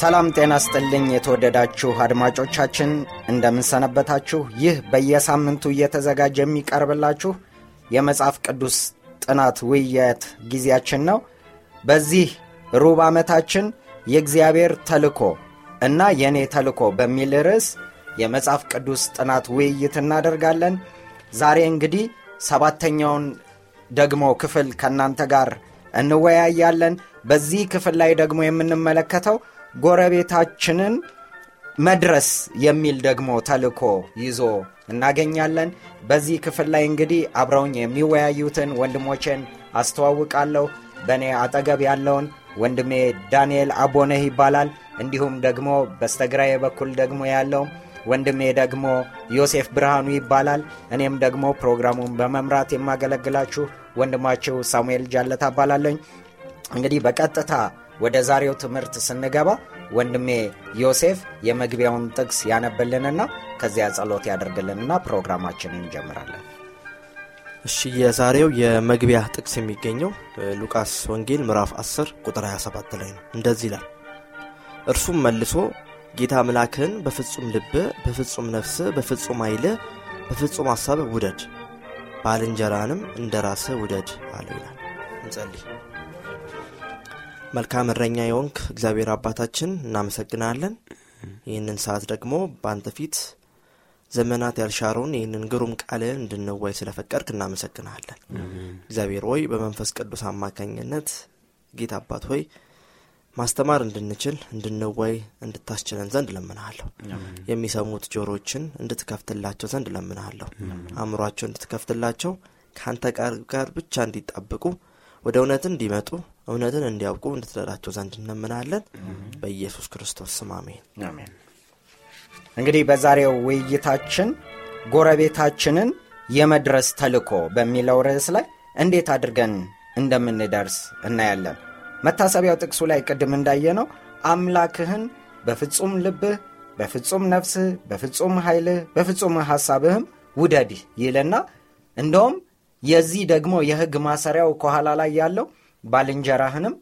ሰላም ጤና ስጥልኝ የተወደዳችሁ አድማጮቻችን እንደምንሰነበታችሁ። ይህ በየሳምንቱ እየተዘጋጀ የሚቀርብላችሁ የመጽሐፍ ቅዱስ ጥናት ውይይት ጊዜያችን ነው። በዚህ ሩብ ዓመታችን የእግዚአብሔር ተልኮ እና የእኔ ተልኮ በሚል ርዕስ የመጽሐፍ ቅዱስ ጥናት ውይይት እናደርጋለን። ዛሬ እንግዲህ ሰባተኛውን ደግሞ ክፍል ከእናንተ ጋር እንወያያለን። በዚህ ክፍል ላይ ደግሞ የምንመለከተው ጎረቤታችንን መድረስ የሚል ደግሞ ተልኮ ይዞ እናገኛለን። በዚህ ክፍል ላይ እንግዲህ አብረውኝ የሚወያዩትን ወንድሞቼን አስተዋውቃለሁ። በእኔ አጠገብ ያለውን ወንድሜ ዳንኤል አቦነህ ይባላል። እንዲሁም ደግሞ በስተግራዬ በኩል ደግሞ ያለው ወንድሜ ደግሞ ዮሴፍ ብርሃኑ ይባላል። እኔም ደግሞ ፕሮግራሙን በመምራት የማገለግላችሁ ወንድማችሁ ሳሙኤል ጃለታ እባላለኝ። እንግዲህ በቀጥታ ወደ ዛሬው ትምህርት ስንገባ ወንድሜ ዮሴፍ የመግቢያውን ጥቅስ ያነብልንና ከዚያ ጸሎት ያደርግልንና ፕሮግራማችንን እንጀምራለን። እሺ የዛሬው የመግቢያ ጥቅስ የሚገኘው ሉቃስ ወንጌል ምዕራፍ 10 ቁጥር 27 ላይ ነው። እንደዚህ ይላል፣ እርሱም መልሶ ጌታ ምላክህን በፍጹም ልብ፣ በፍጹም ነፍስ፣ በፍጹም አይል በፍጹም ሐሳብ ውደድ፣ ባልንጀራንም እንደ ራስህ ውደድ አለ ይላል። እንጸልይ። መልካም እረኛ የወንክ እግዚአብሔር አባታችን እናመሰግናለን ይህንን ሰዓት ደግሞ በአንተ ፊት ዘመናት ያልሻረውን ይህንን ግሩም ቃል እንድንወይ ስለፈቀድክ እናመሰግናለን እግዚአብሔር ሆይ በመንፈስ ቅዱስ አማካኝነት ጌታ አባት ሆይ ማስተማር እንድንችል እንድንወይ እንድታስችለን ዘንድ ለምናለሁ የሚሰሙት ጆሮችን እንድትከፍትላቸው ዘንድ ለምናለሁ አእምሯቸው እንድትከፍትላቸው ከአንተ ቃል ጋር ብቻ እንዲጣብቁ ወደ እውነት እንዲመጡ እውነትን እንዲያውቁ እንድትረዳቸው ዘንድ እንለምናለን በኢየሱስ ክርስቶስ ስም አሜን እንግዲህ በዛሬው ውይይታችን ጎረቤታችንን የመድረስ ተልኮ በሚለው ርዕስ ላይ እንዴት አድርገን እንደምንደርስ እናያለን መታሰቢያው ጥቅሱ ላይ ቅድም እንዳየ ነው አምላክህን በፍጹም ልብህ በፍጹም ነፍስህ በፍጹም ኃይልህ በፍጹም ሐሳብህም ውደድ ይልና እንደውም የዚህ ደግሞ የህግ ማሰሪያው ከኋላ ላይ ያለው ባልንጀራህንም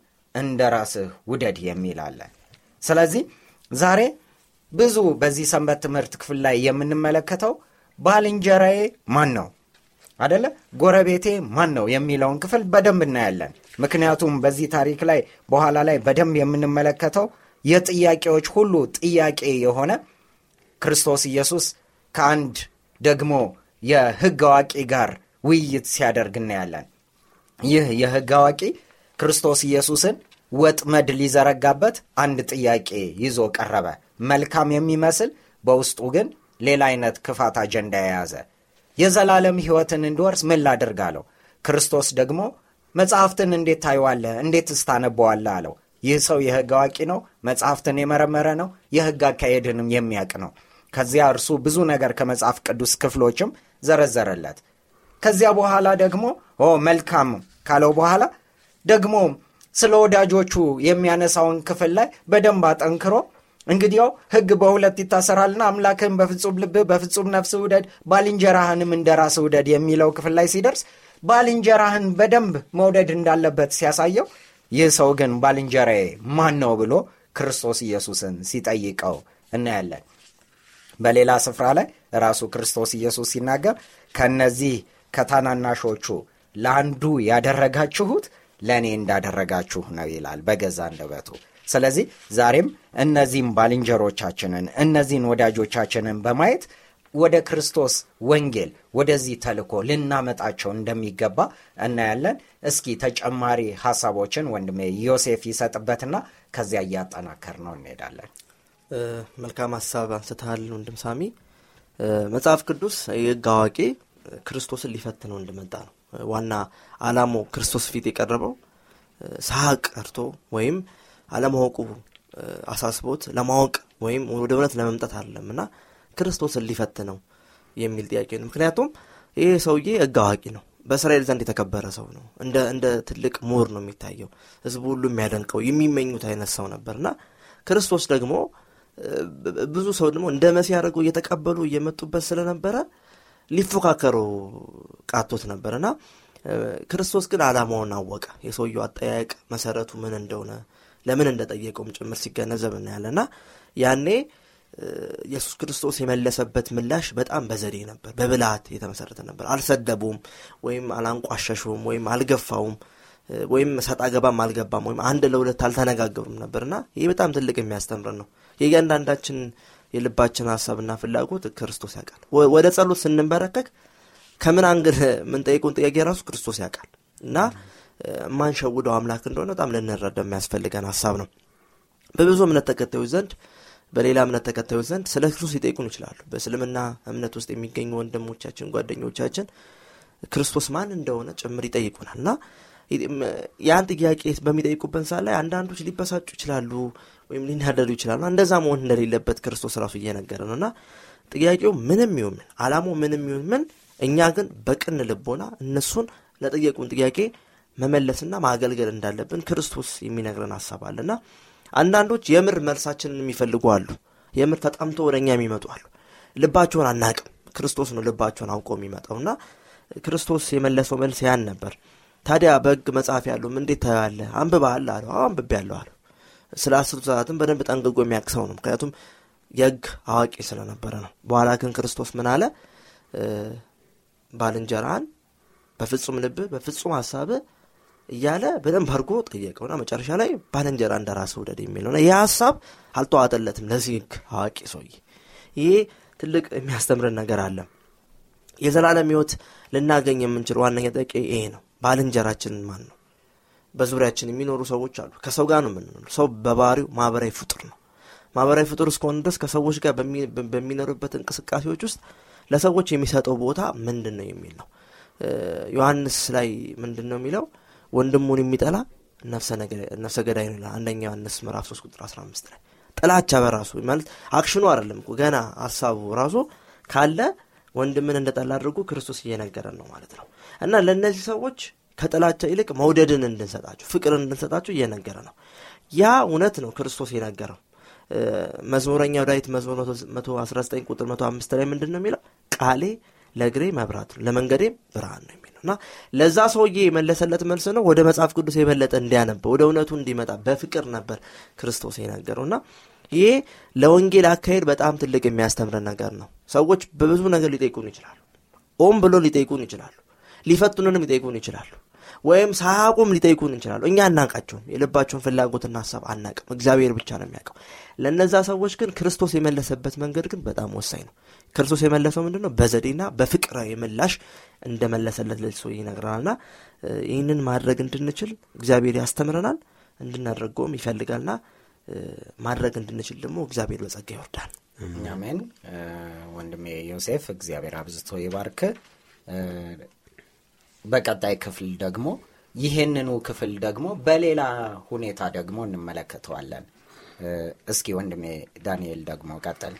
እንደ ራስህ ውደድ የሚል አለ። ስለዚህ ዛሬ ብዙ በዚህ ሰንበት ትምህርት ክፍል ላይ የምንመለከተው ባልንጀራዬ ማን ነው አደለ፣ ጎረቤቴ ማን ነው የሚለውን ክፍል በደንብ እናያለን። ምክንያቱም በዚህ ታሪክ ላይ በኋላ ላይ በደንብ የምንመለከተው የጥያቄዎች ሁሉ ጥያቄ የሆነ ክርስቶስ ኢየሱስ ከአንድ ደግሞ የህግ አዋቂ ጋር ውይይት ሲያደርግ እናያለን። ይህ የሕግ አዋቂ ክርስቶስ ኢየሱስን ወጥመድ ሊዘረጋበት አንድ ጥያቄ ይዞ ቀረበ። መልካም የሚመስል በውስጡ ግን ሌላ አይነት ክፋት አጀንዳ የያዘ የዘላለም ሕይወትን እንዲወርስ ምን ላድርግ አለው። ክርስቶስ ደግሞ መጽሐፍትን እንዴት ታየዋለህ? እንዴት ስታነበዋለህ? አለው። ይህ ሰው የሕግ አዋቂ ነው። መጽሐፍትን የመረመረ ነው። የሕግ አካሄድንም የሚያውቅ ነው። ከዚያ እርሱ ብዙ ነገር ከመጽሐፍ ቅዱስ ክፍሎችም ዘረዘረለት። ከዚያ በኋላ ደግሞ ኦ መልካም ካለው በኋላ ደግሞ ስለ ወዳጆቹ የሚያነሳውን ክፍል ላይ በደንብ አጠንክሮ እንግዲያው ህግ በሁለት ይታሰራልና አምላክህን በፍጹም ልብ በፍጹም ነፍስ ውደድ፣ ባልንጀራህንም እንደ ራስ ውደድ የሚለው ክፍል ላይ ሲደርስ ባልንጀራህን በደንብ መውደድ እንዳለበት ሲያሳየው ይህ ሰው ግን ባልንጀራ ማን ነው ብሎ ክርስቶስ ኢየሱስን ሲጠይቀው እናያለን። በሌላ ስፍራ ላይ ራሱ ክርስቶስ ኢየሱስ ሲናገር ከነዚህ ከታናናሾቹ ለአንዱ ያደረጋችሁት ለእኔ እንዳደረጋችሁ ነው ይላል በገዛ እንደበቱ። ስለዚህ ዛሬም እነዚህን ባልንጀሮቻችንን እነዚህን ወዳጆቻችንን በማየት ወደ ክርስቶስ ወንጌል ወደዚህ ተልኮ ልናመጣቸው እንደሚገባ እናያለን። እስኪ ተጨማሪ ሀሳቦችን ወንድሜ ዮሴፍ ይሰጥበትና ከዚያ እያጠናከር ነው እንሄዳለን። መልካም ሀሳብ አንስተሃል ወንድም ሳሚ። መጽሐፍ ቅዱስ የህግ አዋቂ ክርስቶስን ሊፈትነው እንደመጣ ነው ዋና አላሞ ክርስቶስ ፊት የቀረበው ሳቅ ቀርቶ ወይም አለማወቁ አሳስቦት ለማወቅ ወይም ወደ እውነት ለመምጣት አለም እና ክርስቶስን ሊፈትነው የሚል ጥያቄ ነው ምክንያቱም ይህ ሰውዬ ህግ አዋቂ ነው በእስራኤል ዘንድ የተከበረ ሰው ነው እንደ ትልቅ ምሁር ነው የሚታየው ህዝቡ ሁሉ የሚያደንቀው የሚመኙት አይነት ሰው ነበር እና ክርስቶስ ደግሞ ብዙ ሰው ደግሞ እንደ መሲ አድርገው እየተቀበሉ እየመጡበት ስለነበረ ሊፎካከሩ ቃቶት ነበርና ክርስቶስ ግን አላማውን አወቀ የሰውየው አጠያቅ መሰረቱ ምን እንደሆነ ለምን እንደጠየቀውም ጭምር ሲገነዘብ እናያለና ያኔ ኢየሱስ ክርስቶስ የመለሰበት ምላሽ በጣም በዘዴ ነበር በብልሃት የተመሰረተ ነበር አልሰደቡም ወይም አላንቋሸሹም ወይም አልገፋውም ወይም ሰጣ ገባም አልገባም ወይም አንድ ለሁለት አልተነጋገሩም ነበርና ይህ በጣም ትልቅ የሚያስተምር ነው የእያንዳንዳችን የልባችን ሀሳብና ፍላጎት ክርስቶስ ያውቃል ወደ ጸሎት ስንንበረከክ ከምን አንግል ምንጠይቁን ጥያቄ ራሱ ክርስቶስ ያውቃል እና ማንሸውደው አምላክ እንደሆነ በጣም ልንረዳ የሚያስፈልገን ሀሳብ ነው በብዙ እምነት ተከታዮች ዘንድ በሌላ እምነት ተከታዮች ዘንድ ስለ ክርስቶስ ይጠይቁን ይችላሉ በእስልምና እምነት ውስጥ የሚገኙ ወንድሞቻችን ጓደኞቻችን ክርስቶስ ማን እንደሆነ ጭምር ይጠይቁናል እና ያን ጥያቄ በሚጠይቁበት ሰዓት ላይ አንዳንዶች ሊበሳጩ ይችላሉ ወይም ሊናደዱ ይችላሉ እንደዛ መሆን እንደሌለበት ክርስቶስ ራሱ እየነገረ ነው እና ጥያቄው ምንም ይሁን ምን አላማው ምንም ይሁን ምን እኛ ግን በቅን ልቦና እነሱን ለጠየቁን ጥያቄ መመለስና ማገልገል እንዳለብን ክርስቶስ የሚነግረን ሀሳብ አለና አንዳንዶች የምር መልሳችንን የሚፈልጉ አሉ የምር ተጣምቶ ወደ እኛ የሚመጡ አሉ ልባቸውን አናቅም ክርስቶስ ነው ልባቸውን አውቆ የሚመጣው ና ክርስቶስ የመለሰው መልስ ያን ነበር ታዲያ በህግ መጽሐፍ ያሉም እንዴት ታየዋለ አንብባለ አለ አንብቤ ያለው አለ ስለ አስርቱ ሰዓትም በደንብ ጠንቅቆ የሚያቅሰው ነው ምክንያቱም የህግ አዋቂ ስለነበረ ነው በኋላ ግን ክርስቶስ ምን አለ ባልንጀራን በፍጹም ልብ በፍጹም ሀሳብ እያለ በደንብ አድርጎ ጠየቀውና መጨረሻ ላይ ባልንጀራ እንደ ራስ ውደድ የሚለው ነውና ይህ ሀሳብ አልተዋጠለትም ለዚህ ህግ አዋቂ ሰውዬ ይሄ ትልቅ የሚያስተምርን ነገር አለ የዘላለም ህይወት ልናገኝ የምንችል ዋነኛ ጠቂ ይሄ ነው ባልንጀራችንን ማን ነው በዙሪያችን የሚኖሩ ሰዎች አሉ። ከሰው ጋር ነው የምንኖሩ። ሰው በባህሪው ማህበራዊ ፍጡር ነው። ማህበራዊ ፍጡር እስከሆነ ድረስ ከሰዎች ጋር በሚኖርበት እንቅስቃሴዎች ውስጥ ለሰዎች የሚሰጠው ቦታ ምንድን ነው የሚል ነው። ዮሐንስ ላይ ምንድን ነው የሚለው? ወንድሙን የሚጠላ ነፍሰ ገዳይ ነው ይላል። አንደኛ ዮሐንስ ምዕራፍ 3 ቁጥር 15 ላይ ጥላቻ በራሱ ማለት አክሽኑ አይደለም ገና ሀሳቡ ራሱ ካለ ወንድምን እንደጠላ አድርጉ ክርስቶስ እየነገረን ነው ማለት ነው እና ለእነዚህ ሰዎች ከጥላቻ ይልቅ መውደድን እንድንሰጣችሁ ፍቅርን እንድንሰጣችሁ እየነገረ ነው ያ እውነት ነው ክርስቶስ የነገረው መዝሙረኛው ዳዊት መዝሙር 19 ቁጥር 105 ላይ ምንድን ነው የሚለው ቃሌ ለእግሬ መብራት ነው ለመንገዴም ብርሃን ነው የሚለው እና ለዛ ሰውዬ የመለሰለት መልስ ነው ወደ መጽሐፍ ቅዱስ የበለጠ እንዲያነበው ወደ እውነቱ እንዲመጣ በፍቅር ነበር ክርስቶስ የነገረው እና ይሄ ለወንጌል አካሄድ በጣም ትልቅ የሚያስተምረን ነገር ነው ሰዎች በብዙ ነገር ሊጠይቁን ይችላሉ ኦም ብሎ ሊጠይቁን ይችላሉ ሊፈትኑንም ሊጠይቁን ይችላሉ። ወይም ሳያቁም ሊጠይቁን እንችላሉ። እኛ አናውቃቸውም። የልባቸውን ፍላጎትና ሀሳብ አናቅም እግዚአብሔር ብቻ ነው የሚያውቀው። ለእነዛ ሰዎች ግን ክርስቶስ የመለሰበት መንገድ ግን በጣም ወሳኝ ነው። ክርስቶስ የመለሰው ምንድ ነው? በዘዴና በፍቅራዊ ምላሽ እንደመለሰለት ለሱ ይነግረናልና ይህንን ማድረግ እንድንችል እግዚአብሔር ያስተምረናል፣ እንድናደርገውም ይፈልጋልና ማድረግ እንድንችል ደግሞ እግዚአብሔር በጸጋ ይወርዳል። አሜን። ወንድሜ ዮሴፍ እግዚአብሔር አብዝቶ ይባርክ። በቀጣይ ክፍል ደግሞ ይህንኑ ክፍል ደግሞ በሌላ ሁኔታ ደግሞ እንመለከተዋለን። እስኪ ወንድሜ ዳንኤል ደግሞ ቀጠል።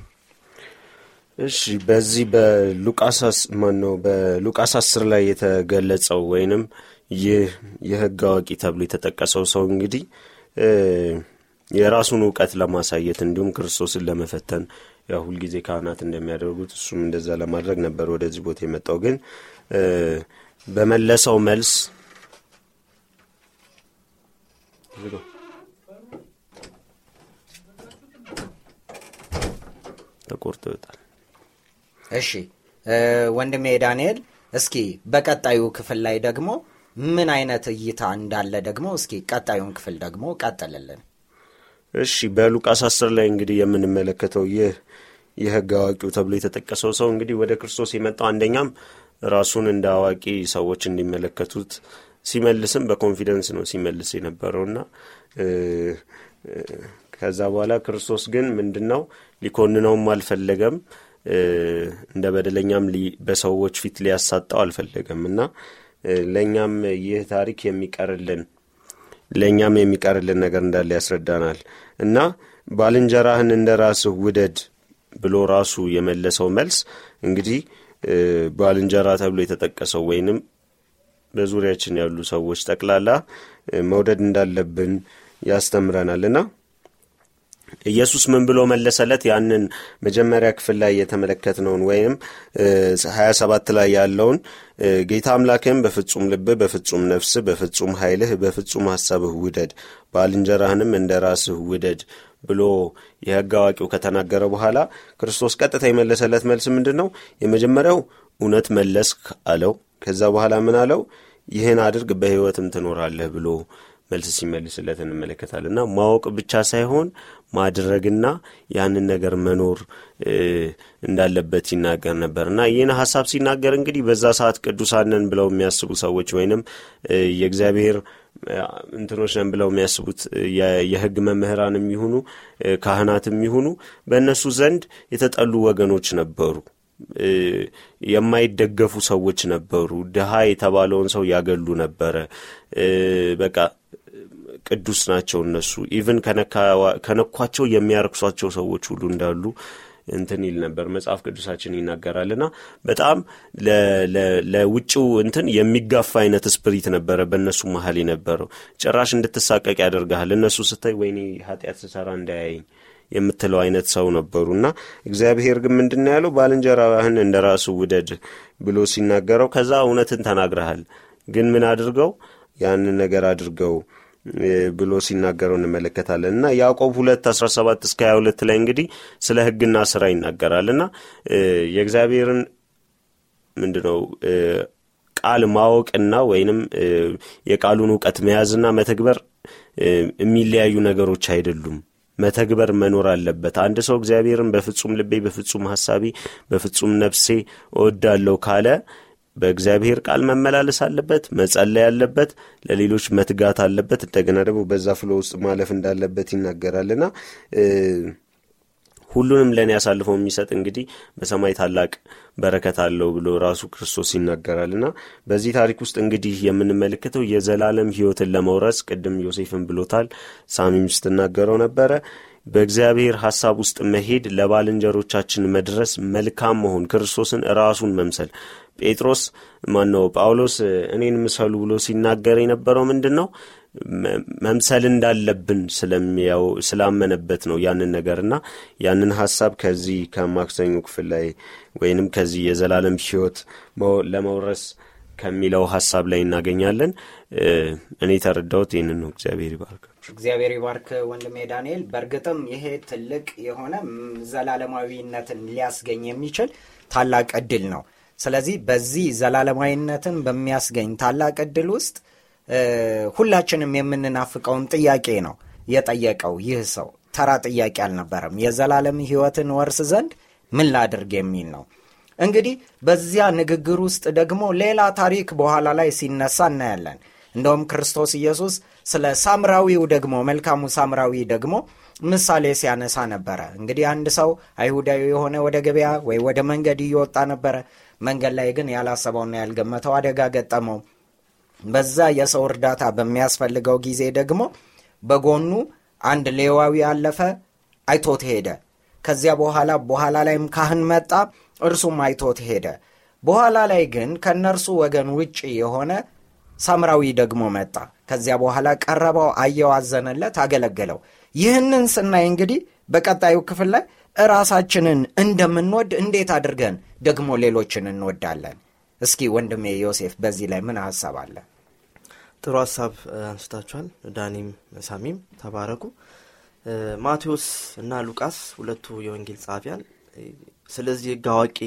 እሺ በዚህ በሉቃስ ማነው በሉቃስ አስር ላይ የተገለጸው ወይንም ይህ የህግ አዋቂ ተብሎ የተጠቀሰው ሰው እንግዲህ የራሱን እውቀት ለማሳየት እንዲሁም ክርስቶስን ለመፈተን ያ ሁልጊዜ ካህናት እንደሚያደርጉት እሱም እንደዛ ለማድረግ ነበር ወደዚህ ቦታ የመጣው ግን በመለሰው መልስ ተቆርጦ ይወጣል። እሺ ወንድሜ ዳንኤል፣ እስኪ በቀጣዩ ክፍል ላይ ደግሞ ምን አይነት እይታ እንዳለ ደግሞ እስኪ ቀጣዩን ክፍል ደግሞ ቀጥልልን። እሺ በሉቃስ አስር ላይ እንግዲህ የምንመለከተው ይህ የህግ አዋቂው ተብሎ የተጠቀሰው ሰው እንግዲህ ወደ ክርስቶስ የመጣው አንደኛም ራሱን እንደ አዋቂ ሰዎች እንዲመለከቱት ሲመልስም በኮንፊደንስ ነው ሲመልስ ና ከዛ በኋላ ክርስቶስ ግን ምንድን ነው ሊኮንነውም አልፈለገም። እንደ በደለኛም በሰዎች ፊት ሊያሳጣው አልፈለገም እና ለእኛም ይህ ታሪክ የሚቀርልን ለእኛም የሚቀርልን ነገር እንዳለ ያስረዳናል እና ባልንጀራህን እንደ ራስህ ውደድ ብሎ ራሱ የመለሰው መልስ እንግዲህ ባልንጀራ ተብሎ የተጠቀሰው ወይንም በዙሪያችን ያሉ ሰዎች ጠቅላላ መውደድ እንዳለብን ና ኢየሱስ ምን ብሎ መለሰለት? ያንን መጀመሪያ ክፍል ላይ የተመለከትነውን ወይም ሀያ ሰባት ላይ ያለውን ጌታ አምላክህም በፍጹም ልብ በፍጹም ነፍስ በፍጹም ኃይልህ፣ በፍጹም ሐሳብህ ውደድ፣ ባልንጀራህንም እንደ ራስህ ውደድ ብሎ የህግ አዋቂው ከተናገረ በኋላ ክርስቶስ ቀጥታ የመለሰለት መልስ ምንድን ነው? የመጀመሪያው እውነት መለስክ አለው። ከዛ በኋላ ምን አለው? ይህን አድርግ በህይወትም ትኖራለህ ብሎ መልስ ሲመልስለት እንመለከታል እና ማወቅ ብቻ ሳይሆን ማድረግና ያንን ነገር መኖር እንዳለበት ሲናገር ነበር። እና ይህን ሀሳብ ሲናገር እንግዲህ በዛ ሰዓት ቅዱሳንን ብለው የሚያስቡ ሰዎች ወይንም የእግዚአብሔር እንትኖች ነን ብለው የሚያስቡት የህግ መምህራን የሚሆኑ ካህናት የሚሆኑ በእነሱ ዘንድ የተጠሉ ወገኖች ነበሩ። የማይደገፉ ሰዎች ነበሩ። ድሃ የተባለውን ሰው ያገሉ ነበረ። በቃ ቅዱስ ናቸው እነሱ ኢቭን ከነኳቸው የሚያረክሷቸው ሰዎች ሁሉ እንዳሉ እንትን ይል ነበር መጽሐፍ ቅዱሳችን ና በጣም ለውጭው እንትን የሚጋፋ አይነት ስፕሪት ነበረ በእነሱ መሀል የነበረው። ጭራሽ እንድትሳቀቅ ያደርግሃል። እነሱ ስታይ ወይኔ ኃጢአት ስሰራ እንዳያይኝ የምትለው አይነት ሰው ነበሩ እና እግዚአብሔር ግን ምንድና ያለው ባልንጀራህን እንደ ራሱ ውደድ ብሎ ሲናገረው ከዛ እውነትን ተናግረሃል ግን ምን አድርገው ያንን ነገር አድርገው ብሎ ሲናገረው እንመለከታለን እና ያዕቆብ ሁለት አስራ ሰባት እስከ ሀያ ሁለት ላይ እንግዲህ ስለ ህግና ስራ ይናገራል እና የእግዚአብሔርን ምንድነው ቃል ማወቅና ወይንም የቃሉን እውቀት መያዝና መተግበር የሚለያዩ ነገሮች አይደሉም። መተግበር መኖር አለበት። አንድ ሰው እግዚአብሔርን በፍጹም ልቤ፣ በፍጹም ሀሳቤ፣ በፍጹም ነፍሴ እወዳለሁ ካለ በእግዚአብሔር ቃል መመላለስ አለበት፣ መጸለይ አለበት፣ ለሌሎች መትጋት አለበት። እንደገና ደግሞ በዛ ፍሎ ውስጥ ማለፍ እንዳለበት ይናገራልና ሁሉንም ለእኔ አሳልፎ የሚሰጥ እንግዲህ በሰማይ ታላቅ በረከት አለው ብሎ ራሱ ክርስቶስ ይናገራል በዚህ ታሪክ ውስጥ እንግዲህ የምንመለከተው የዘላለም ሕይወትን ለመውረስ ቅድም ዮሴፍን ብሎታል፣ ሳሚም ስትናገረው ነበረ። በእግዚአብሔር ሀሳብ ውስጥ መሄድ፣ ለባልንጀሮቻችን መድረስ፣ መልካም መሆን፣ ክርስቶስን ራሱን መምሰል ጴጥሮስ ማነው ጳውሎስ እኔን ምሰሉ ብሎ ሲናገር የነበረው ምንድን ነው መምሰል እንዳለብን ስለሚያው ስላመነበት ነው ያንን ነገርና ያንን ሀሳብ ከዚህ ከማክሰኙ ክፍል ላይ ወይንም ከዚህ የዘላለም ህይወት ለመውረስ ከሚለው ሀሳብ ላይ እናገኛለን። እኔ ተረዳውት ይህንን ነው። እግዚአብሔር ይባርክ። እግዚአብሔር ይባርክ ወንድሜ ዳንኤል። በእርግጥም ይሄ ትልቅ የሆነ ዘላለማዊነትን ሊያስገኝ የሚችል ታላቅ እድል ነው። ስለዚህ በዚህ ዘላለማዊነትን በሚያስገኝ ታላቅ እድል ውስጥ ሁላችንም የምንናፍቀውን ጥያቄ ነው የጠየቀው ይህ ሰው። ተራ ጥያቄ አልነበረም። የዘላለም ሕይወትን ወርስ ዘንድ ምን ላድርግ የሚል ነው። እንግዲህ በዚያ ንግግር ውስጥ ደግሞ ሌላ ታሪክ በኋላ ላይ ሲነሳ እናያለን። እንደውም ክርስቶስ ኢየሱስ ስለ ሳምራዊው ደግሞ መልካሙ ሳምራዊ ደግሞ ምሳሌ ሲያነሳ ነበረ። እንግዲህ አንድ ሰው አይሁዳዊ የሆነ ወደ ገበያ ወይ ወደ መንገድ እየወጣ ነበረ። መንገድ ላይ ግን ያላሰበውና ያልገመተው አደጋ ገጠመው። በዛ የሰው እርዳታ በሚያስፈልገው ጊዜ ደግሞ በጎኑ አንድ ሌዋዊ ያለፈ አይቶት ሄደ። ከዚያ በኋላ በኋላ ላይም ካህን መጣ፣ እርሱም አይቶት ሄደ። በኋላ ላይ ግን ከእነርሱ ወገን ውጭ የሆነ ሳምራዊ ደግሞ መጣ። ከዚያ በኋላ ቀረበው፣ አየው፣ አዘነለት፣ አገለገለው። ይህንን ስናይ እንግዲህ በቀጣዩ ክፍል ላይ እራሳችንን እንደምንወድ እንዴት አድርገን ደግሞ ሌሎችን እንወዳለን። እስኪ ወንድሜ ዮሴፍ በዚህ ላይ ምን ሀሳብ አለ? ጥሩ ሀሳብ አንስታችኋል። ዳኒም ሳሚም ተባረኩ። ማቴዎስ እና ሉቃስ ሁለቱ የወንጌል ጸሐፊያን ስለዚህ ሕግ አዋቂ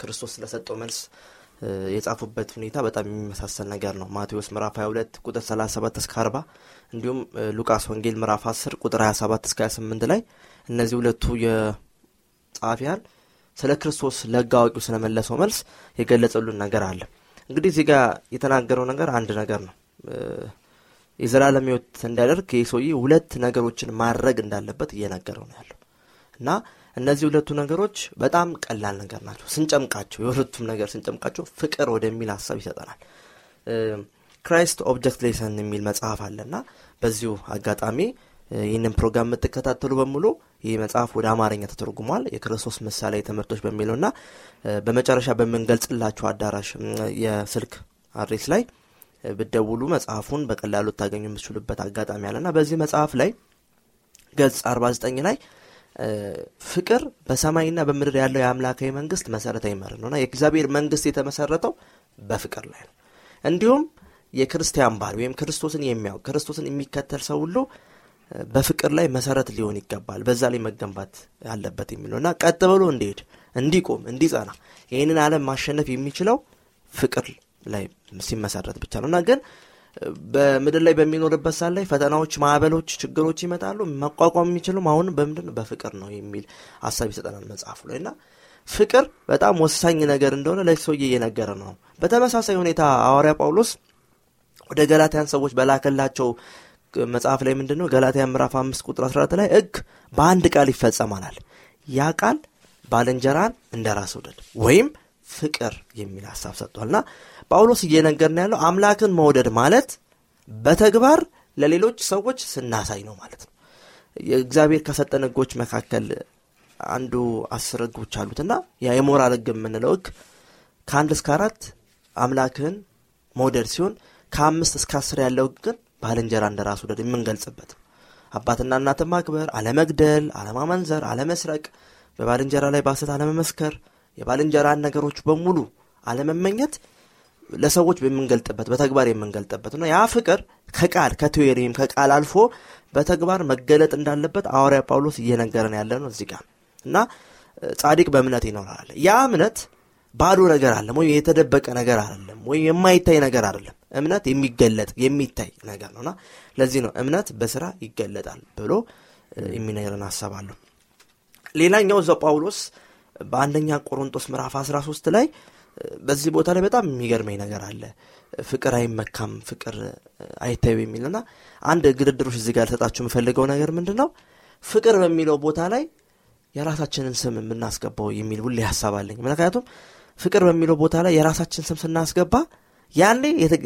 ክርስቶስ ስለሰጠው መልስ የጻፉበት ሁኔታ በጣም የሚመሳሰል ነገር ነው። ማቴዎስ ምዕራፍ 22 ቁጥር 37 እስከ 40 እንዲሁም ሉቃስ ወንጌል ምዕራፍ 10 ቁጥር 27 እስከ 28 ላይ እነዚህ ሁለቱ የጸሐፊያን ስለ ክርስቶስ ለጋዋቂው ስለመለሰው መልስ የገለጸሉን ነገር አለ እንግዲህ እዚህ ጋር የተናገረው ነገር አንድ ነገር ነው የዘላለም ህይወት እንዲያደርግ ይህ ሰውዬ ሁለት ነገሮችን ማድረግ እንዳለበት እየነገረው ነው ያለው እና እነዚህ ሁለቱ ነገሮች በጣም ቀላል ነገር ናቸው ስንጨምቃቸው የሁለቱም ነገር ስንጨምቃቸው ፍቅር ወደሚል ሀሳብ ይሰጠናል ክራይስት ኦብጀክት ሌሰን የሚል መጽሐፍ እና በዚሁ አጋጣሚ ይህንን ፕሮግራም የምትከታተሉ በሙሉ ይህ መጽሐፍ ወደ አማርኛ ተተርጉሟል የክርስቶስ ምሳሌ ትምህርቶች ና በመጨረሻ በምንገልጽላቸው አዳራሽ የስልክ አድሬስ ላይ ብደውሉ መጽሐፉን በቀላሉ ታገኙ የምትችሉበት አጋጣሚ ና በዚህ መጽሐፍ ላይ ገጽ 49 ላይ ፍቅር በሰማይና በምድር ያለው የአምላካዊ መንግስት መሰረታዊ መርህ ነው የእግዚአብሔር መንግስት የተመሰረተው በፍቅር ላይ ነው እንዲሁም የክርስቲያን ባህል ወይም ክርስቶስን የሚያውቅ ክርስቶስን የሚከተል ሰው ሁሉ በፍቅር ላይ መሰረት ሊሆን ይገባል በዛ ላይ መገንባት አለበት የሚለው እና ቀጥ ብሎ እንዲሄድ እንዲቆም እንዲጸና ይህንን አለም ማሸነፍ የሚችለው ፍቅር ላይ ሲመሰረት ብቻ ነው እና ግን በምድር ላይ በሚኖርበት ሳል ላይ ፈተናዎች ማዕበሎች ችግሮች ይመጣሉ መቋቋም የሚችሉም አሁንም በምንድን በፍቅር ነው የሚል ሀሳብ ይሰጠናል መጽሐፉ ላይ እና ፍቅር በጣም ወሳኝ ነገር እንደሆነ ለሰውዬ እየነገረ ነው በተመሳሳይ ሁኔታ አዋርያ ጳውሎስ ወደ ገላትያን ሰዎች በላከላቸው መጽሐፍ ላይ ምንድን ነው ገላትያ ምዕራፍ አምስት ቁጥር 14 ላይ እግ በአንድ ቃል ይፈጸማናል ያ ቃል ባልንጀራን እንደ ራስ ውደድ ወይም ፍቅር የሚል ሀሳብ ሰጥቷልና ጳውሎስ እየነገርን ያለው አምላክን መውደድ ማለት በተግባር ለሌሎች ሰዎች ስናሳይ ነው ማለት ነው የእግዚአብሔር ከሰጠን ህጎች መካከል አንዱ አስር ህጎች አሉትና ያ የሞራል ህግ የምንለው ህግ ከአንድ እስከ አራት አምላክህን መውደድ ሲሆን ከአምስት እስከ አስር ያለው ግን ባልንጀራ እንደ ራስ ውደድ የምንገልጽበት አባትና እናትን ማክበር፣ አለመግደል፣ አለማመንዘር፣ አለመስረቅ፣ በባልንጀራ ላይ ባሰት አለመመስከር፣ የባልንጀራን ነገሮች በሙሉ አለመመኘት ለሰዎች የምንገልጥበት በተግባር የምንገልጥበት ነው። ያ ፍቅር ከቃል ከቴዎሪም ከቃል አልፎ በተግባር መገለጥ እንዳለበት አዋርያ ጳውሎስ እየነገረን ያለ ነው እዚህ ጋር እና ጻዲቅ በእምነት ይኖራል ያ እምነት ባዶ ነገር አለም ወይም የተደበቀ ነገር አይደለም ወይም የማይታይ ነገር አለም እምነት የሚገለጥ የሚታይ ነገር ነውና ለዚህ ነው እምነት በስራ ይገለጣል ብሎ የሚነግረን ሀሳብ ሌላኛው ዘ ጳውሎስ በአንደኛ ቆሮንጦስ ምዕራፍ 13 ላይ በዚህ ቦታ ላይ በጣም የሚገርመኝ ነገር አለ ፍቅር አይመካም ፍቅር አይታዩ የሚልና አንድ ግድድሮች እዚህ ጋር ልሰጣችሁ የምፈልገው ነገር ምንድን ነው ፍቅር በሚለው ቦታ ላይ የራሳችንን ስም የምናስገባው የሚል ሁሌ ያሳባለኝ ምክንያቱም ፍቅር በሚለው ቦታ ላይ የራሳችን ስም ስናስገባ ያኔ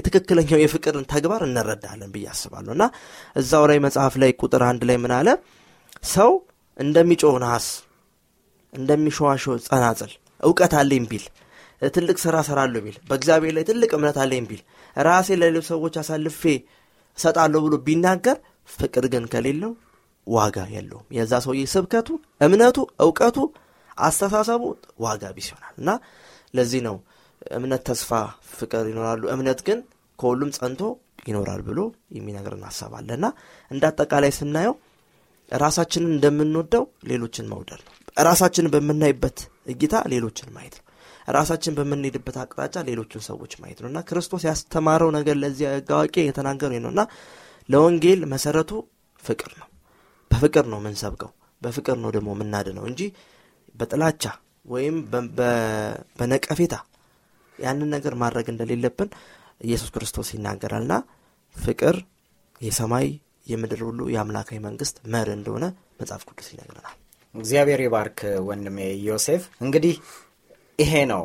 ትክክለኛው የፍቅርን ተግባር እንረዳለን ብዬ አስባለሁ እና እዛው ላይ መጽሐፍ ላይ ቁጥር አንድ ላይ ምን አለ ሰው እንደሚጮው ነሐስ እንደሚሸዋሸው ጸናጽል እውቀት አለኝ ቢል ትልቅ ስራ ሰራለሁ ቢል በእግዚአብሔር ላይ ትልቅ እምነት አለኝ ቢል ራሴ ለሌሎች ሰዎች አሳልፌ እሰጣለሁ ብሎ ቢናገር ፍቅር ግን ከሌለው ዋጋ የለውም የዛ ሰውዬ ስብከቱ እምነቱ እውቀቱ አስተሳሰቡ ዋጋ ቢስ ይሆናል እና ለዚህ ነው እምነት፣ ተስፋ፣ ፍቅር ይኖራሉ፣ እምነት ግን ከሁሉም ጸንቶ ይኖራል ብሎ የሚነግርን ሀሳብ ና እንደ አጠቃላይ ስናየው ራሳችንን እንደምንወደው ሌሎችን መውደድ ነው። ራሳችንን በምናይበት እይታ ሌሎችን ማየት ነው። ራሳችን በምንሄድበት አቅጣጫ ሌሎችን ሰዎች ማየት ነው እና ክርስቶስ ያስተማረው ነገር ለዚህ ሕግ አዋቂ የተናገሩ ነው እና ለወንጌል መሰረቱ ፍቅር ነው። በፍቅር ነው ምንሰብቀው በፍቅር ነው ደግሞ ነው እንጂ በጥላቻ ወይም በነቀፌታ ያንን ነገር ማድረግ እንደሌለብን ኢየሱስ ክርስቶስ ይናገራልና ፍቅር የሰማይ የምድር ሁሉ የአምላካዊ መንግስት መር እንደሆነ መጽሐፍ ቅዱስ ይነግረናል። እግዚአብሔር ይባርክ ወንድሜ ዮሴፍ። እንግዲህ ይሄ ነው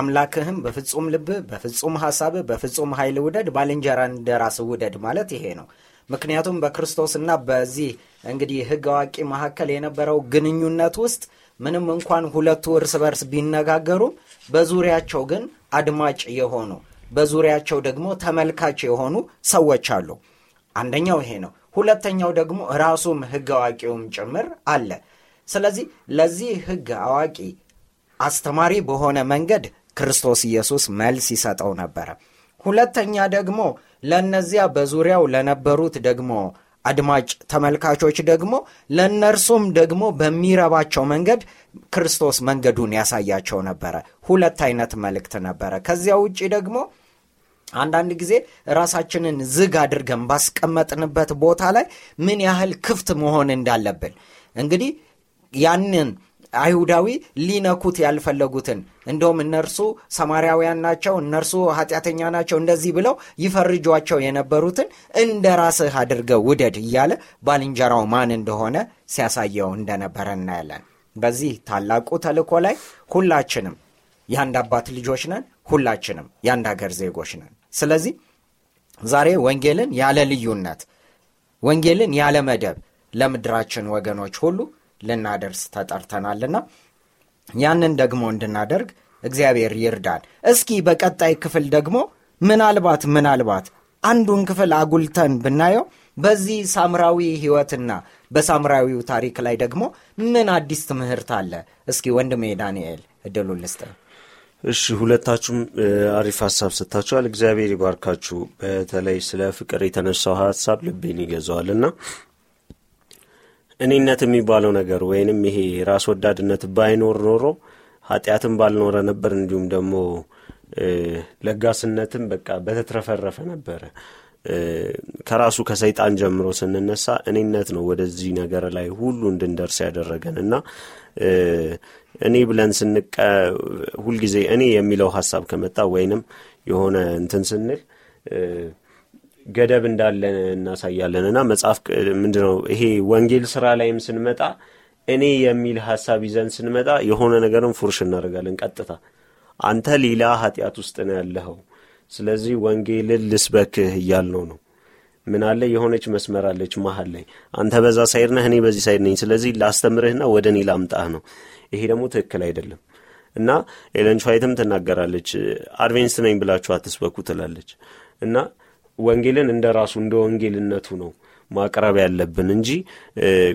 አምላክህም በፍጹም ልብ በፍጹም ሀሳብ በፍጹም ኃይል ውደድ፣ ባልንጀራ እንደ ራስ ውደድ ማለት ይሄ ነው። ምክንያቱም በክርስቶስና በዚህ እንግዲህ ህግ አዋቂ መካከል የነበረው ግንኙነት ውስጥ ምንም እንኳን ሁለቱ እርስ በርስ ቢነጋገሩም በዙሪያቸው ግን አድማጭ የሆኑ በዙሪያቸው ደግሞ ተመልካች የሆኑ ሰዎች አሉ። አንደኛው ይሄ ነው። ሁለተኛው ደግሞ ራሱም ህግ አዋቂውም ጭምር አለ። ስለዚህ ለዚህ ህግ አዋቂ አስተማሪ በሆነ መንገድ ክርስቶስ ኢየሱስ መልስ ይሰጠው ነበረ። ሁለተኛ ደግሞ ለእነዚያ በዙሪያው ለነበሩት ደግሞ አድማጭ ተመልካቾች ደግሞ ለእነርሱም ደግሞ በሚረባቸው መንገድ ክርስቶስ መንገዱን ያሳያቸው ነበረ። ሁለት አይነት መልእክት ነበረ። ከዚያ ውጭ ደግሞ አንዳንድ ጊዜ ራሳችንን ዝግ አድርገን ባስቀመጥንበት ቦታ ላይ ምን ያህል ክፍት መሆን እንዳለብን እንግዲህ ያንን አይሁዳዊ ሊነኩት ያልፈለጉትን እንደውም እነርሱ ሰማርያውያን ናቸው፣ እነርሱ ኃጢአተኛ ናቸው፣ እንደዚህ ብለው ይፈርጇቸው የነበሩትን እንደ ራስህ አድርገህ ውደድ እያለ ባልንጀራው ማን እንደሆነ ሲያሳየው እንደነበረ እናያለን። በዚህ ታላቁ ተልእኮ ላይ ሁላችንም የአንድ አባት ልጆች ነን። ሁላችንም የአንድ ሀገር ዜጎች ነን። ስለዚህ ዛሬ ወንጌልን ያለ ልዩነት፣ ወንጌልን ያለ መደብ ለምድራችን ወገኖች ሁሉ ልናደርስ ተጠርተናልና ያንን ደግሞ እንድናደርግ እግዚአብሔር ይርዳን። እስኪ በቀጣይ ክፍል ደግሞ ምናልባት ምናልባት አንዱን ክፍል አጉልተን ብናየው በዚህ ሳምራዊ ህይወትና በሳምራዊው ታሪክ ላይ ደግሞ ምን አዲስ ትምህርት አለ? እስኪ ወንድሜ ዳንኤል እድሉ ልስጥ። እሺ፣ ሁለታችሁም አሪፍ ሀሳብ ሰጥታችኋል። እግዚአብሔር ይባርካችሁ። በተለይ ስለ ፍቅር የተነሳው ሀሳብ ልቤን ይገዘዋልና እኔነት የሚባለው ነገር ወይንም ይሄ ራስ ወዳድነት ባይኖር ኖሮ ኃጢአትም ባልኖረ ነበር። እንዲሁም ደግሞ ለጋስነትም በቃ በተትረፈረፈ ነበረ። ከራሱ ከሰይጣን ጀምሮ ስንነሳ እኔነት ነው ወደዚህ ነገር ላይ ሁሉ እንድንደርስ ያደረገን እና እኔ ብለን ስንቀ ሁልጊዜ እኔ የሚለው ሀሳብ ከመጣ ወይንም የሆነ እንትን ስንል ገደብ እንዳለን እናሳያለን እና መጽሐፍ ምንድነው ይሄ ወንጌል ስራ ላይም ስንመጣ እኔ የሚል ሀሳብ ይዘን ስንመጣ የሆነ ነገርም ፉርሽ እናደርጋለን። ቀጥታ አንተ ሌላ ኃጢአት ውስጥ ነው ያለኸው፣ ስለዚህ ወንጌልን ልስበክህ እያል ነው። ምን አለ የሆነች መስመር አለች መሀል ላይ አንተ በዛ ሳይድ ነህ፣ እኔ በዚህ ሳይድ ነኝ። ስለዚህ ላስተምርህና ወደ እኔ ላምጣህ ነው። ይሄ ደግሞ ትክክል አይደለም እና ኤለን ትናገራለች። አድቬንስት ነኝ ብላችሁ አትስበኩ ትላለች እና ወንጌልን እንደ ራሱ እንደ ወንጌልነቱ ነው ማቅረብ ያለብን እንጂ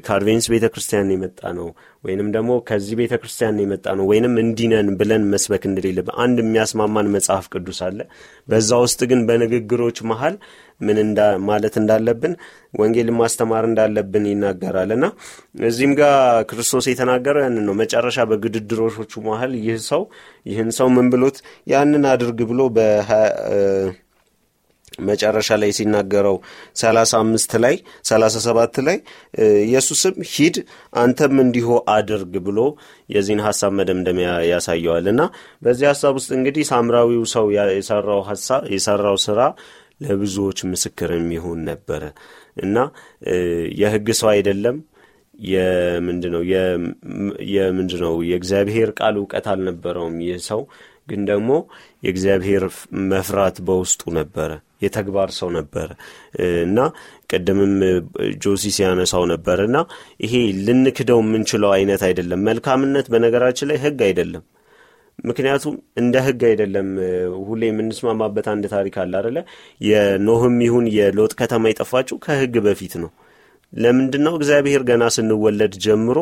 ከአድቬንስ ቤተ ክርስቲያን የመጣ ነው ወይንም ደግሞ ከዚህ ቤተ ክርስቲያን የመጣ ነው ወይንም እንዲነን ብለን መስበክ እንደሌለብን አንድ የሚያስማማን መጽሐፍ ቅዱስ አለ። በዛ ውስጥ ግን በንግግሮች መሀል ምን ማለት እንዳለብን ወንጌል ማስተማር እንዳለብን ይናገራል እና እዚህም ጋር ክርስቶስ የተናገረው ያን ነው። መጨረሻ በግድድሮሾቹ መሀል ይህ ሰው ይህን ሰው ምን ብሎት ያንን አድርግ ብሎ በ መጨረሻ ላይ ሲናገረው 35 ላይ 37 ላይ ኢየሱስም ሂድ አንተም እንዲሁ አድርግ ብሎ የዚህን ሀሳብ መደምደሚያ ያሳየዋል እና በዚህ ሀሳብ ውስጥ እንግዲህ ሳምራዊው ሰው የሰራው ሀሳብ የሰራው ስራ ለብዙዎች ምስክር የሚሆን ነበረ እና የህግ ሰው አይደለም የምንድነው የምንድነው የእግዚአብሔር ቃል እውቀት አልነበረውም ይህ ሰው ግን ደግሞ የእግዚአብሔር መፍራት በውስጡ ነበረ። የተግባር ሰው ነበረ እና ቅድምም ጆሲ ሲያነሳው ነበር እና ይሄ ልንክደው የምንችለው አይነት አይደለም። መልካምነት በነገራችን ላይ ህግ አይደለም። ምክንያቱም እንደ ህግ አይደለም። ሁሌ የምንስማማበት አንድ ታሪክ አለ አደለ የኖህም ይሁን የሎጥ ከተማ የጠፋችው ከህግ በፊት ነው። ለምንድን ነው? እግዚአብሔር ገና ስንወለድ ጀምሮ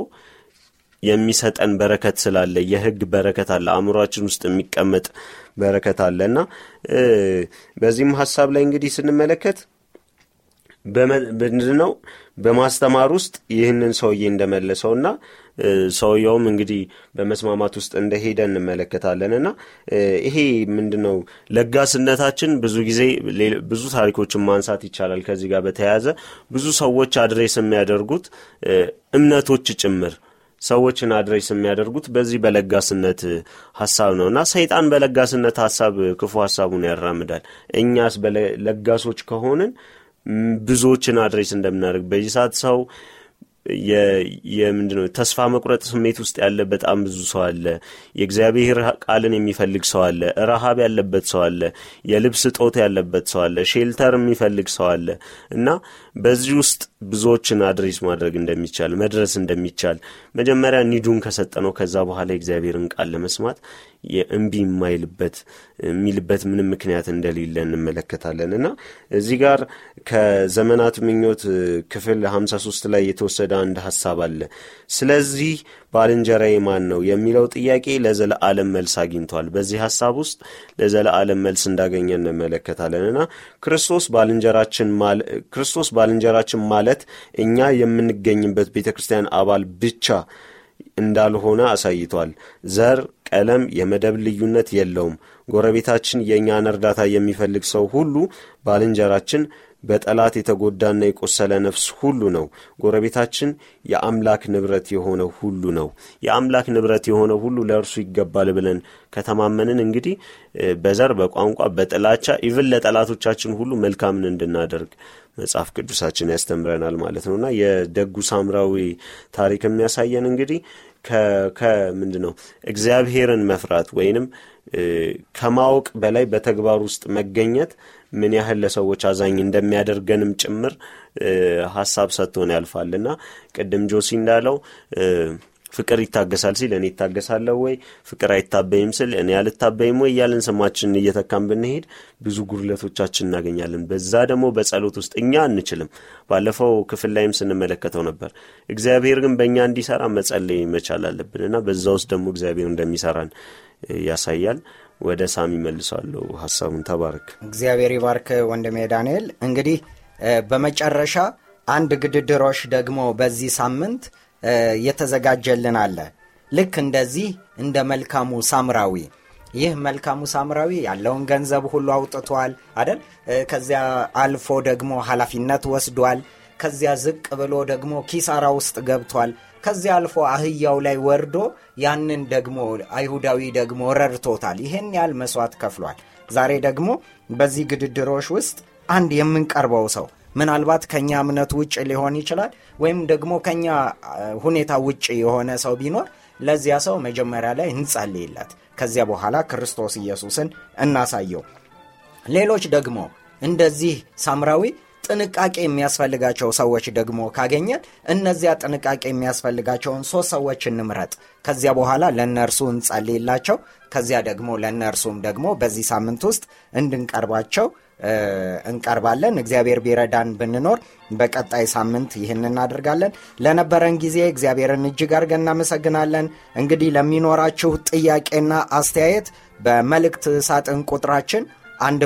የሚሰጠን በረከት ስላለ የህግ በረከት አለ፣ አእምሯችን ውስጥ የሚቀመጥ በረከት አለ እና በዚህም ሀሳብ ላይ እንግዲህ ስንመለከት ምንድን ነው በማስተማር ውስጥ ይህንን ሰውዬ እንደመለሰው እና ሰውየውም እንግዲህ በመስማማት ውስጥ እንደሄደ እንመለከታለን እና ይሄ ምንድነው ለጋስነታችን ብዙ ጊዜ ብዙ ታሪኮችን ማንሳት ይቻላል። ከዚህ ጋር በተያያዘ ብዙ ሰዎች አድሬስ የሚያደርጉት እምነቶች ጭምር ሰዎችን አድሬስ የሚያደርጉት በዚህ በለጋስነት ሀሳብ ነው እና ሰይጣን በለጋስነት ሀሳብ ክፉ ሀሳቡን ያራምዳል። እኛስ በለጋሶች ከሆንን ብዙዎችን አድሬስ እንደምናደርግ በዚህ ሰዓት ሰው የምንድነው ተስፋ መቁረጥ ስሜት ውስጥ ያለ በጣም ብዙ ሰው አለ። የእግዚአብሔር ቃልን የሚፈልግ ሰው አለ። ረሃብ ያለበት ሰው አለ። የልብስ ጦት ያለበት ሰው አለ። ሼልተር የሚፈልግ ሰው አለ እና በዚህ ውስጥ ብዙዎችን አድሬስ ማድረግ እንደሚቻል መድረስ እንደሚቻል መጀመሪያ ኒዱን ከሰጠ ነው። ከዛ በኋላ እግዚአብሔርን ቃል ለመስማት የእምቢ የማይልበት የሚልበት ምንም ምክንያት እንደሌለ እንመለከታለን እና እዚህ ጋር ከዘመናት ምኞት ክፍል 53 ላይ የተወሰደ አንድ ሀሳብ አለ። ስለዚህ ባልንጀራ ማን ነው የሚለው ጥያቄ ለዘለዓለም መልስ አግኝቷል። በዚህ ሀሳብ ውስጥ ለዘለዓለም መልስ እንዳገኘ እንመለከታለን እና ክርስቶስ ባልንጀራችን ክርስቶስ ባልንጀራችን ማለት እኛ የምንገኝበት ቤተ ክርስቲያን አባል ብቻ እንዳልሆነ አሳይቷል። ዘር፣ ቀለም፣ የመደብ ልዩነት የለውም። ጎረቤታችን የእኛን እርዳታ የሚፈልግ ሰው ሁሉ ባልንጀራችን በጠላት የተጎዳና የቆሰለ ነፍስ ሁሉ ነው። ጎረቤታችን የአምላክ ንብረት የሆነ ሁሉ ነው። የአምላክ ንብረት የሆነ ሁሉ ለእርሱ ይገባል ብለን ከተማመንን እንግዲህ በዘር በቋንቋ፣ በጥላቻ ኢቭን ለጠላቶቻችን ሁሉ መልካምን እንድናደርግ መጽሐፍ ቅዱሳችን ያስተምረናል ማለት ነውና የደጉ ሳምራዊ ታሪክ የሚያሳየን እንግዲህ ከምንድ ነው እግዚአብሔርን መፍራት ወይንም ከማወቅ በላይ በተግባር ውስጥ መገኘት ምን ያህል ለሰዎች አዛኝ እንደሚያደርገንም ጭምር ሀሳብ ሰጥቶን ያልፋልና ቅድም ጆሲ እንዳለው ፍቅር ይታገሳል ሲል እኔ ይታገሳለሁ ወይ፣ ፍቅር አይታበይም ስል እኔ አልታበይም ወይ እያለን ስማችንን እየተካን ብንሄድ ብዙ ጉድለቶቻችን እናገኛለን። በዛ ደግሞ በጸሎት ውስጥ እኛ አንችልም። ባለፈው ክፍል ላይም ስንመለከተው ነበር። እግዚአብሔር ግን በእኛ እንዲሰራ መጸለይ መቻል አለብን እና በዛ ውስጥ ደግሞ እግዚአብሔር እንደሚሰራን ያሳያል። ወደ ሳሚ መልሷለሁ ሀሳቡን። ተባርክ እግዚአብሔር ይባርክ ወንድሜ ዳንኤል። እንግዲህ በመጨረሻ አንድ ግድድሮች ደግሞ በዚህ ሳምንት የተዘጋጀልን አለ። ልክ እንደዚህ እንደ መልካሙ ሳምራዊ ይህ መልካሙ ሳምራዊ ያለውን ገንዘብ ሁሉ አውጥቷል አደል? ከዚያ አልፎ ደግሞ ኃላፊነት ወስዷል። ከዚያ ዝቅ ብሎ ደግሞ ኪሳራ ውስጥ ገብቷል። ከዚያ አልፎ አህያው ላይ ወርዶ ያንን ደግሞ አይሁዳዊ ደግሞ ረድቶታል። ይህን ያህል መስዋዕት ከፍሏል። ዛሬ ደግሞ በዚህ ግድድሮች ውስጥ አንድ የምንቀርበው ሰው ምናልባት ከኛ እምነት ውጭ ሊሆን ይችላል፣ ወይም ደግሞ ከኛ ሁኔታ ውጭ የሆነ ሰው ቢኖር ለዚያ ሰው መጀመሪያ ላይ እንጸልይለት፣ ከዚያ በኋላ ክርስቶስ ኢየሱስን እናሳየው። ሌሎች ደግሞ እንደዚህ ሳምራዊ ጥንቃቄ የሚያስፈልጋቸው ሰዎች ደግሞ ካገኘን እነዚያ ጥንቃቄ የሚያስፈልጋቸውን ሶስት ሰዎች እንምረጥ። ከዚያ በኋላ ለእነርሱ እንጸልይላቸው። ከዚያ ደግሞ ለእነርሱም ደግሞ በዚህ ሳምንት ውስጥ እንድንቀርባቸው እንቀርባለን። እግዚአብሔር ቢረዳን ብንኖር በቀጣይ ሳምንት ይህን እናደርጋለን። ለነበረን ጊዜ እግዚአብሔርን እጅግ አድርገን እናመሰግናለን። እንግዲህ ለሚኖራችሁ ጥያቄና አስተያየት በመልእክት ሳጥን ቁጥራችን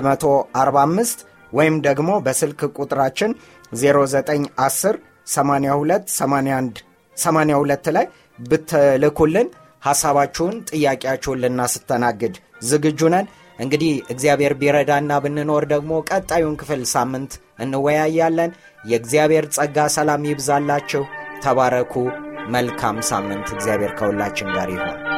145 ወይም ደግሞ በስልክ ቁጥራችን 0910 82 81 82 ላይ ብትልኩልን ሐሳባችሁን፣ ጥያቄያችሁን ልናስተናግድ ዝግጁ ነን። እንግዲህ እግዚአብሔር ቢረዳና ብንኖር ደግሞ ቀጣዩን ክፍል ሳምንት እንወያያለን። የእግዚአብሔር ጸጋ ሰላም ይብዛላችሁ። ተባረኩ። መልካም ሳምንት። እግዚአብሔር ከሁላችን ጋር ይሆን።